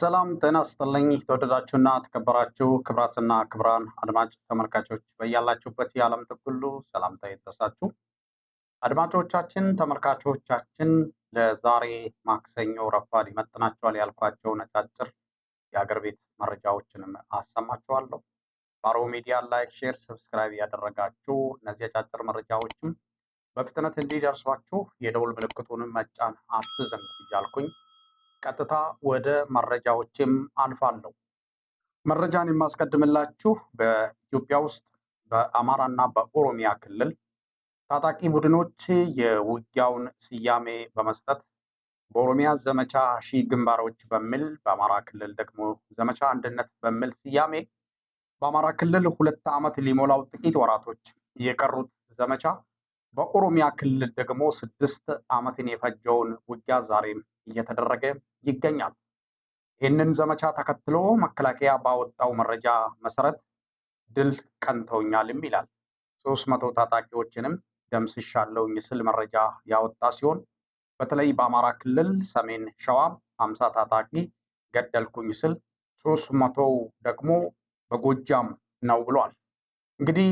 ሰላም ጤና ስጥልኝ። የተወደዳችሁና ተከበራችሁ ክብራትና ክብራን አድማጭ ተመልካቾች በያላችሁበት የዓለም ጥግ ሰላምታ ይድረሳችሁ። አድማጮቻችን፣ ተመልካቾቻችን ለዛሬ ማክሰኞ ረፋድ ይመጥናቸዋል ያልኳቸውን አጫጭር የአገር ቤት መረጃዎችንም አሰማችኋለሁ። ባሮ ሚዲያ ላይክ፣ ሼር፣ ሰብስክራይብ ያደረጋችሁ እነዚህ አጫጭር መረጃዎችም በፍጥነት እንዲደርሷችሁ የደውል ምልክቱንም መጫን አትዘንጉ እያልኩኝ ቀጥታ ወደ መረጃዎችም አልፋለሁ። መረጃን የማስቀድምላችሁ በኢትዮጵያ ውስጥ በአማራና በኦሮሚያ ክልል ታጣቂ ቡድኖች የውጊያውን ስያሜ በመስጠት በኦሮሚያ ዘመቻ ሺህ ግንባሮች በሚል በአማራ ክልል ደግሞ ዘመቻ አንድነት በሚል ስያሜ በአማራ ክልል ሁለት ዓመት ሊሞላው ጥቂት ወራቶች የቀሩት ዘመቻ በኦሮሚያ ክልል ደግሞ ስድስት ዓመትን የፈጀውን ውጊያ ዛሬም እየተደረገ ይገኛል። ይህንን ዘመቻ ተከትሎ መከላከያ ባወጣው መረጃ መሰረት ድል ቀንተውኛልም ይላል። ሶስት መቶ ታጣቂዎችንም ደምስሻለሁኝ ስል መረጃ ያወጣ ሲሆን በተለይ በአማራ ክልል ሰሜን ሸዋ አምሳ ታጣቂ ገደልኩኝ ስል ሶስት መቶ ደግሞ በጎጃም ነው ብሏል። እንግዲህ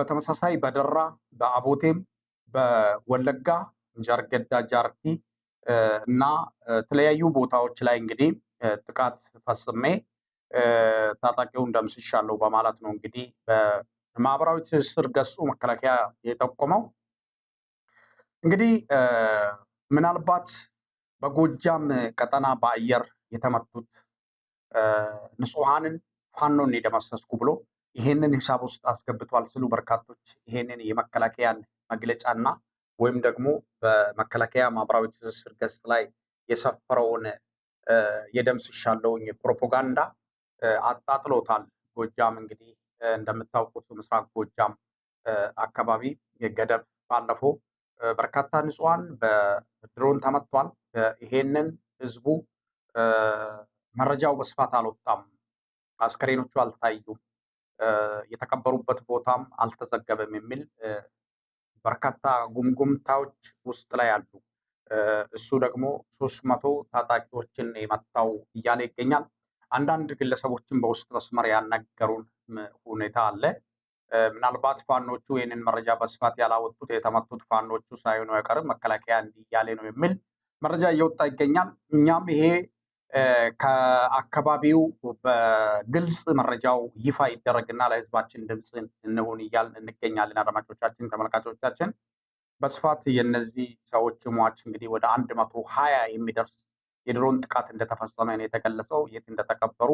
በተመሳሳይ በደራ በአቦቴም በወለጋ ጃርገዳ ጃርቲ እና የተለያዩ ቦታዎች ላይ እንግዲህ ጥቃት ፈጽሜ ታጣቂውን ደምስሻለሁ በማለት ነው እንግዲህ በማህበራዊ ትስስር ገጹ መከላከያ የጠቆመው። እንግዲህ ምናልባት በጎጃም ቀጠና በአየር የተመቱት ንጹሐንን ፋኖን የደመሰስኩ ብሎ ይሄንን ሂሳብ ውስጥ አስገብቷል ስሉ በርካቶች ይሄንን የመከላከያን መግለጫና ወይም ደግሞ በመከላከያ ማህበራዊ ትስስር ገጽ ላይ የሰፈረውን የደምስሽ ያለውኝ ፕሮፓጋንዳ አጣጥሎታል። ጎጃም እንግዲህ እንደምታውቁት ምስራቅ ጎጃም አካባቢ ገደብ ባለፈው በርካታ ንጹሐን በድሮን ተመቷል። ይሄንን ህዝቡ መረጃው በስፋት አልወጣም። አስከሬኖቹ አልታዩም። የተቀበሩበት ቦታም አልተዘገበም የሚል በርካታ ጉምጉምታዎች ውስጥ ላይ አሉ። እሱ ደግሞ ሶስት መቶ ታጣቂዎችን የመታው እያለ ይገኛል። አንዳንድ ግለሰቦችን በውስጥ መስመር ያነገሩን ሁኔታ አለ። ምናልባት ፋኖቹ ይህንን መረጃ በስፋት ያላወጡት የተመቱት ፋኖቹ ሳይሆኑ አይቀርም መከላከያ እንዲህ እያለ ነው የሚል መረጃ እየወጣ ይገኛል። እኛም ይሄ ከአካባቢው በግልጽ መረጃው ይፋ ይደረግና ለህዝባችን ድምፅ እንሁን እያልን እንገኛለን። አድማጮቻችን፣ ተመልካቾቻችን በስፋት የነዚህ ሰዎች ሟች እንግዲህ ወደ አንድ መቶ ሀያ የሚደርስ የድሮን ጥቃት እንደተፈጸመ ነው የተገለጸው። የት እንደተቀበሩ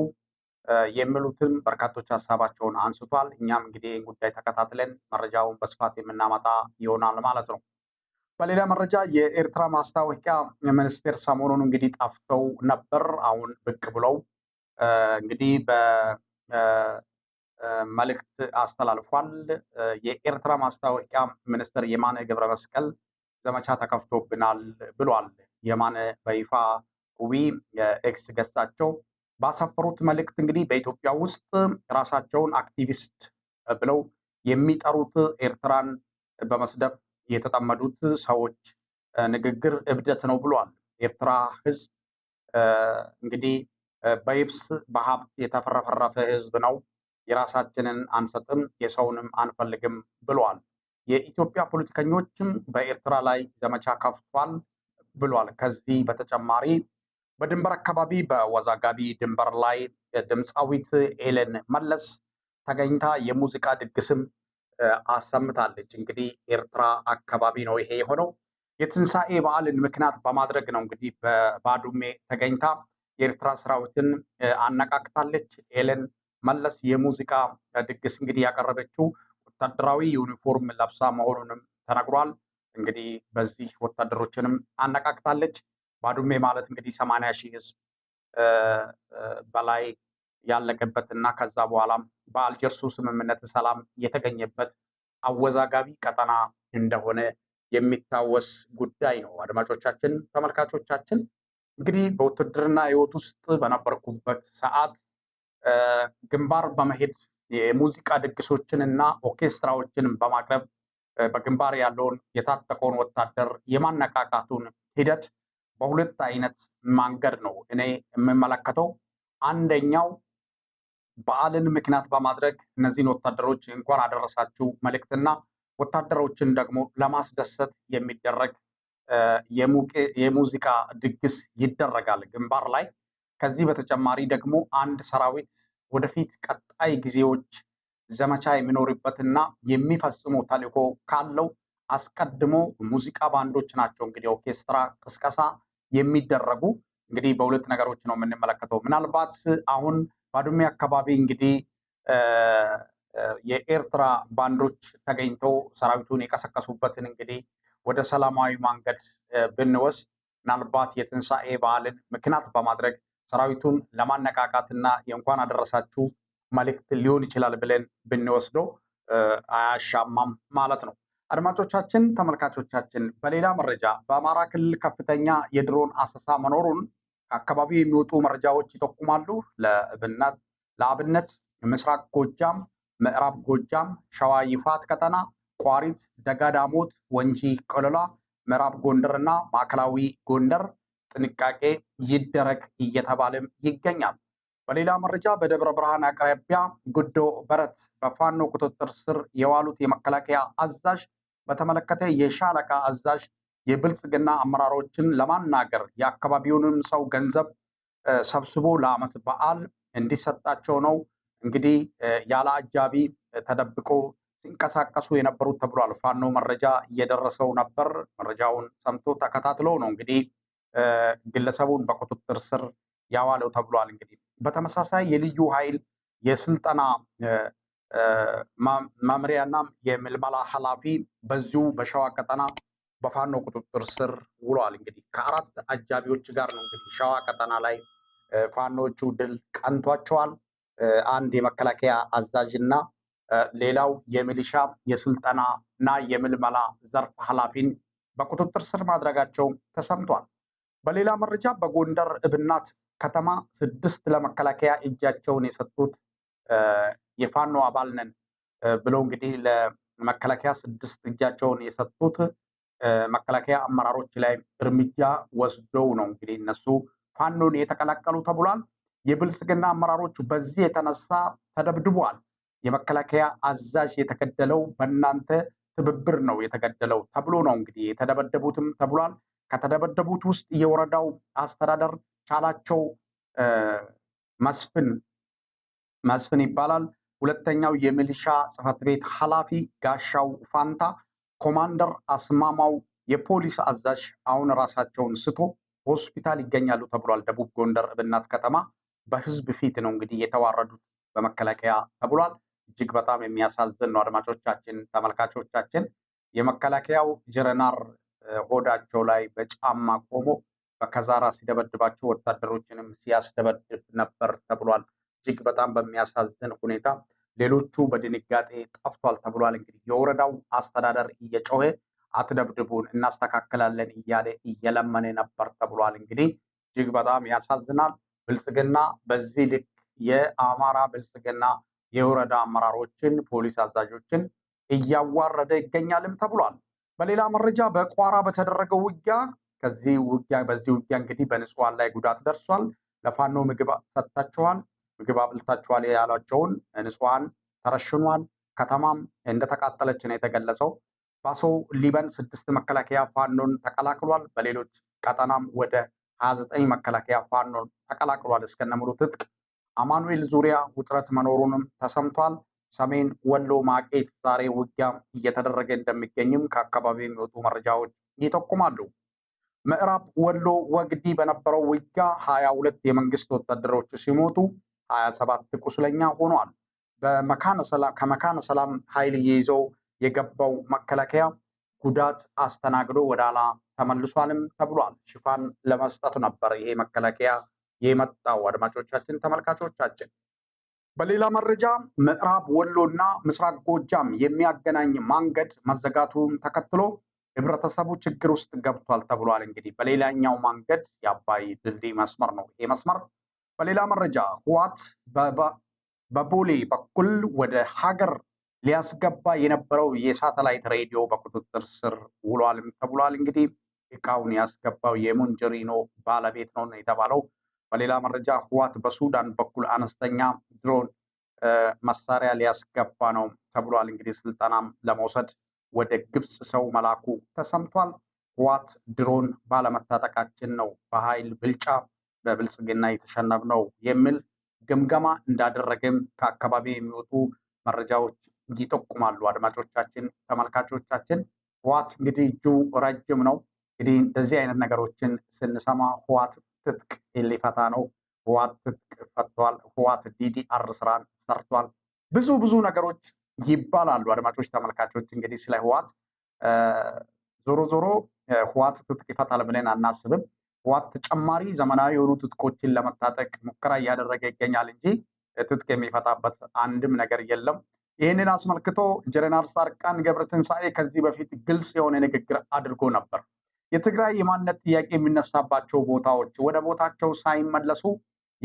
የሚሉትም በርካቶች ሀሳባቸውን አንስቷል። እኛም እንግዲህ ጉዳይ ተከታትለን መረጃውን በስፋት የምናመጣ ይሆናል ማለት ነው። በሌላ መረጃ የኤርትራ ማስታወቂያ ሚኒስቴር ሰሞኑን እንግዲህ ጠፍተው ነበር። አሁን ብቅ ብለው እንግዲህ በመልእክት አስተላልፏል። የኤርትራ ማስታወቂያ ሚኒስትር የማነ ገብረ መስቀል ዘመቻ ተከፍቶብናል ብሏል። የማነ በይፋ ዊ ኤክስ ገጻቸው ባሰፈሩት መልእክት እንግዲህ በኢትዮጵያ ውስጥ ራሳቸውን አክቲቪስት ብለው የሚጠሩት ኤርትራን በመስደብ የተጠመዱት ሰዎች ንግግር እብደት ነው ብሏል። ኤርትራ ህዝብ እንግዲህ በይብስ በሀብት የተፈረፈረፈ ህዝብ ነው። የራሳችንን አንሰጥም የሰውንም አንፈልግም ብሏል። የኢትዮጵያ ፖለቲከኞችም በኤርትራ ላይ ዘመቻ ከፍቷል ብሏል። ከዚህ በተጨማሪ በድንበር አካባቢ በወዛጋቢ ድንበር ላይ ድምፃዊት ኤለን መለስ ተገኝታ የሙዚቃ ድግስም አሰምታለች። እንግዲህ ኤርትራ አካባቢ ነው ይሄ የሆነው። የትንሣኤ በዓልን ምክንያት በማድረግ ነው እንግዲህ በባዱሜ ተገኝታ የኤርትራ ሰራዊትን አነቃቅታለች። ኤለን መለስ የሙዚቃ ድግስ እንግዲህ ያቀረበችው ወታደራዊ ዩኒፎርም ለብሳ መሆኑንም ተነግሯል። እንግዲህ በዚህ ወታደሮችንም አነቃቅታለች። ባዱሜ ማለት እንግዲህ ሰማንያ ሺህ ህዝብ በላይ ያለቀበት እና ከዛ በኋላም በአልጀርሱ ስምምነት ሰላም የተገኘበት አወዛጋቢ ቀጠና እንደሆነ የሚታወስ ጉዳይ ነው። አድማጮቻችን፣ ተመልካቾቻችን እንግዲህ በውትድርና ህይወት ውስጥ በነበርኩበት ሰዓት ግንባር በመሄድ የሙዚቃ ድግሶችን እና ኦርኬስትራዎችን በማቅረብ በግንባር ያለውን የታጠቀውን ወታደር የማነቃቃቱን ሂደት በሁለት አይነት መንገድ ነው እኔ የምመለከተው። አንደኛው በዓልን ምክንያት በማድረግ እነዚህን ወታደሮች እንኳን አደረሳችሁ መልእክትና ወታደሮችን ደግሞ ለማስደሰት የሚደረግ የሙዚቃ ድግስ ይደረጋል ግንባር ላይ። ከዚህ በተጨማሪ ደግሞ አንድ ሰራዊት ወደፊት ቀጣይ ጊዜዎች ዘመቻ የሚኖርበትና የሚፈጽሙ ተልዕኮ ካለው አስቀድሞ ሙዚቃ ባንዶች ናቸው እንግዲህ ኦርኬስትራ ቅስቀሳ የሚደረጉ እንግዲህ በሁለት ነገሮች ነው የምንመለከተው ምናልባት አሁን ባድሜ አካባቢ እንግዲህ የኤርትራ ባንዶች ተገኝቶ ሰራዊቱን የቀሰቀሱበትን እንግዲህ ወደ ሰላማዊ መንገድ ብንወስድ ምናልባት የትንሣኤ በዓልን ምክንያት በማድረግ ሰራዊቱን ለማነቃቃትና የእንኳን አደረሳችሁ መልእክት ሊሆን ይችላል ብለን ብንወስደው አያሻማም ማለት ነው። አድማጮቻችን፣ ተመልካቾቻችን በሌላ መረጃ በአማራ ክልል ከፍተኛ የድሮን አሰሳ መኖሩን ከአካባቢው የሚወጡ መረጃዎች ይጠቁማሉ። ለአብነት ምስራቅ ጎጃም፣ ምዕራብ ጎጃም፣ ሸዋ ይፋት ቀጠና፣ ቋሪት፣ ደጋዳሞት፣ ወንጂ ቆለላ፣ ምዕራብ ጎንደር እና ማዕከላዊ ጎንደር ጥንቃቄ ይደረግ እየተባለም ይገኛል። በሌላ መረጃ በደብረ ብርሃን አቅራቢያ ጉዶ በረት በፋኖ ቁጥጥር ስር የዋሉት የመከላከያ አዛዥ በተመለከተ የሻለቃ አዛዥ የብልጽግና አመራሮችን ለማናገር የአካባቢውንም ሰው ገንዘብ ሰብስቦ ለዓመት በዓል እንዲሰጣቸው ነው። እንግዲህ ያለ አጃቢ ተደብቆ ሲንቀሳቀሱ የነበሩት ተብሏል። ፋኖ መረጃ እየደረሰው ነበር። መረጃውን ሰምቶ ተከታትሎ ነው እንግዲህ ግለሰቡን በቁጥጥር ስር ያዋለው ተብሏል። እንግዲህ በተመሳሳይ የልዩ ኃይል የስልጠና መምሪያና የምልመላ ኃላፊ በዚሁ በሸዋ ቀጠና በፋኖ ቁጥጥር ስር ውሏል። እንግዲህ ከአራት አጃቢዎች ጋር ነው እንግዲህ ሸዋ ቀጠና ላይ ፋኖቹ ድል ቀንቷቸዋል። አንድ የመከላከያ አዛዥ እና ሌላው የሚሊሻ የስልጠና እና የምልመላ ዘርፍ ኃላፊን በቁጥጥር ስር ማድረጋቸው ተሰምቷል። በሌላ መረጃ በጎንደር እብናት ከተማ ስድስት ለመከላከያ እጃቸውን የሰጡት የፋኖ አባል ነን ብለው እንግዲህ ለመከላከያ ስድስት እጃቸውን የሰጡት መከላከያ አመራሮች ላይ እርምጃ ወስደው ነው እንግዲህ እነሱ ፋኖን የተቀላቀሉ ተብሏል። የብልጽግና አመራሮቹ በዚህ የተነሳ ተደብድቧል። የመከላከያ አዛዥ የተገደለው በእናንተ ትብብር ነው የተገደለው ተብሎ ነው እንግዲህ የተደበደቡትም ተብሏል። ከተደበደቡት ውስጥ የወረዳው አስተዳደር ቻላቸው መስፍን መስፍን ይባላል። ሁለተኛው የሚሊሻ ጽህፈት ቤት ኃላፊ ጋሻው ፋንታ ኮማንደር አስማማው የፖሊስ አዛዥ አሁን ራሳቸውን ስቶ ሆስፒታል ይገኛሉ ተብሏል። ደቡብ ጎንደር እብናት ከተማ በህዝብ ፊት ነው እንግዲህ የተዋረዱት በመከላከያ ተብሏል። እጅግ በጣም የሚያሳዝን ነው። አድማጮቻችን፣ ተመልካቾቻችን የመከላከያው ጀረናር ሆዳቸው ላይ በጫማ ቆሞ በከዛራ ሲደበድባቸው ወታደሮችንም ሲያስደበድብ ነበር ተብሏል። እጅግ በጣም በሚያሳዝን ሁኔታ ሌሎቹ በድንጋጤ ጠፍቷል ተብሏል። እንግዲህ የወረዳው አስተዳደር እየጮኸ አትደብድቡን፣ እናስተካክላለን እያለ እየለመነ ነበር ተብሏል። እንግዲህ እጅግ በጣም ያሳዝናል። ብልጽግና በዚህ ልክ የአማራ ብልጽግና የወረዳ አመራሮችን፣ ፖሊስ አዛዦችን እያዋረደ ይገኛልም ተብሏል። በሌላ መረጃ በቋራ በተደረገው ውጊያ ከዚህ ውጊያ በዚህ ውጊያ እንግዲህ በንጹሐን ላይ ጉዳት ደርሷል። ለፋኖ ምግብ ሰጥታችኋል፣ ምግብ አብልታችኋል ያሏቸውን ንጹሐን ተረሽኗል። ከተማም እንደተቃጠለች ነው የተገለጸው። ባሶ ሊበን ስድስት መከላከያ ፋኖን ተቀላቅሏል። በሌሎች ቀጠናም ወደ ሀያ ዘጠኝ መከላከያ ፋኖን ተቀላቅሏል እስከነሙሉ ትጥቅ። አማኑኤል ዙሪያ ውጥረት መኖሩንም ተሰምቷል። ሰሜን ወሎ ማቄት ዛሬ ውጊያም እየተደረገ እንደሚገኝም ከአካባቢው የሚወጡ መረጃዎች ይጠቁማሉ። ምዕራብ ወሎ ወግዲ በነበረው ውጊያ ሀያ ሁለት የመንግስት ወታደሮች ሲሞቱ 27 ቁስለኛ ሆኗል። ከመካነ ሰላም ኃይል ይዘው የገባው መከላከያ ጉዳት አስተናግዶ ወደ ኋላ ተመልሷልም ተብሏል። ሽፋን ለመስጠት ነበር ይሄ መከላከያ የመጣው። አድማጮቻችን፣ ተመልካቾቻችን በሌላ መረጃ ምዕራብ ወሎ እና ምስራቅ ጎጃም የሚያገናኝ መንገድ መዘጋቱን ተከትሎ ህብረተሰቡ ችግር ውስጥ ገብቷል ተብሏል። እንግዲህ በሌላኛው መንገድ የአባይ ድልድይ መስመር ነው ይሄ መስመር በሌላ መረጃ ህዋት በቦሌ በኩል ወደ ሀገር ሊያስገባ የነበረው የሳተላይት ሬዲዮ በቁጥጥር ስር ውሏልም ተብሏል። እንግዲህ እቃውን ያስገባው የሙንጀሪኖ ባለቤት ነው የተባለው። በሌላ መረጃ ህዋት በሱዳን በኩል አነስተኛ ድሮን መሳሪያ ሊያስገባ ነው ተብሏል። እንግዲህ ስልጠናም ለመውሰድ ወደ ግብፅ ሰው መላኩ ተሰምቷል። ህዋት ድሮን ባለመታጠቃችን ነው በኃይል ብልጫ በብልጽግና ነው የሚል ግምገማ እንዳደረግም ከአካባቢ የሚወጡ መረጃዎች ይጠቁማሉ። አድማጮቻችን፣ ተመልካቾቻችን ህዋት እንግዲህ እጁ ረጅም ነው። እንግዲህ እንደዚህ አይነት ነገሮችን ስንሰማ ህዋት ትጥቅ ሊፈታ ነው፣ ህዋት ትጥቅ ፈቷል፣ ህዋት ዲዲአር ስራን ሰርቷል፣ ብዙ ብዙ ነገሮች ይባላሉ። አድማጮች፣ ተመልካቾች እንግዲህ ስለ ህዋት ዞሮ ዞሮ ህዋት ትጥቅ ይፈታል ብለን አናስብም። ህወሓት ተጨማሪ ዘመናዊ የሆኑ ትጥቆችን ለመታጠቅ ሙከራ እያደረገ ይገኛል እንጂ ትጥቅ የሚፈታበት አንድም ነገር የለም። ይህንን አስመልክቶ ጀነራል ጻድቃን ገብረትንሳኤ ከዚህ በፊት ግልጽ የሆነ ንግግር አድርጎ ነበር። የትግራይ የማንነት ጥያቄ የሚነሳባቸው ቦታዎች ወደ ቦታቸው ሳይመለሱ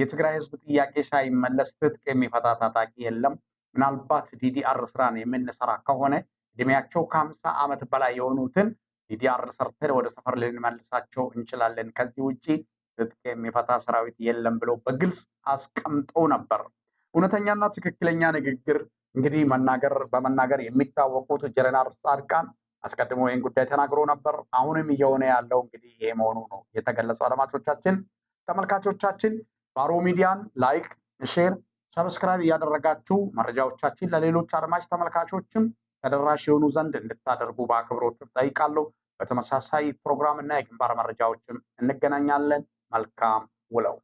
የትግራይ ህዝብ ጥያቄ ሳይመለስ ትጥቅ የሚፈታ ታጣቂ የለም። ምናልባት ዲዲአር ስራን የምንሰራ ከሆነ እድሜያቸው ከሀምሳ ዓመት በላይ የሆኑትን ዲዲአር ሰርተን ወደ ሰፈር ልንመልሳቸው እንችላለን። ከዚህ ውጭ ትጥቅ የሚፈታ ሰራዊት የለም ብለው በግልጽ አስቀምጠው ነበር። እውነተኛና ትክክለኛ ንግግር እንግዲህ መናገር በመናገር የሚታወቁት ጀነራል ጻድቃን አስቀድሞ ይህን ጉዳይ ተናግሮ ነበር። አሁንም እየሆነ ያለው እንግዲህ ይሄ መሆኑ ነው የተገለጸው። አድማጮቻችን፣ ተመልካቾቻችን ባሮ ሚዲያን ላይክ፣ ሼር፣ ሰብስክራይብ እያደረጋችሁ መረጃዎቻችን ለሌሎች አድማጭ ተመልካቾችም ተደራሽ የሆኑ ዘንድ እንድታደርጉ በአክብሮት ጠይቃለሁ። በተመሳሳይ ፕሮግራም እና የግንባር መረጃዎችም እንገናኛለን። መልካም ውለው